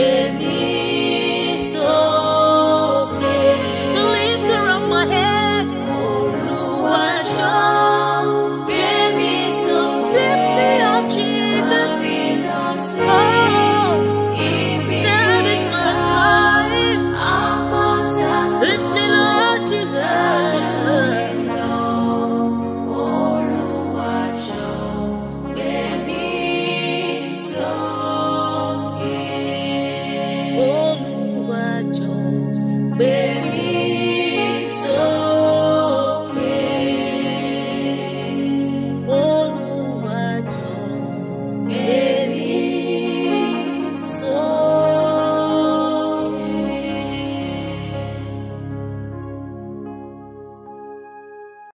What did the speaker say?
give me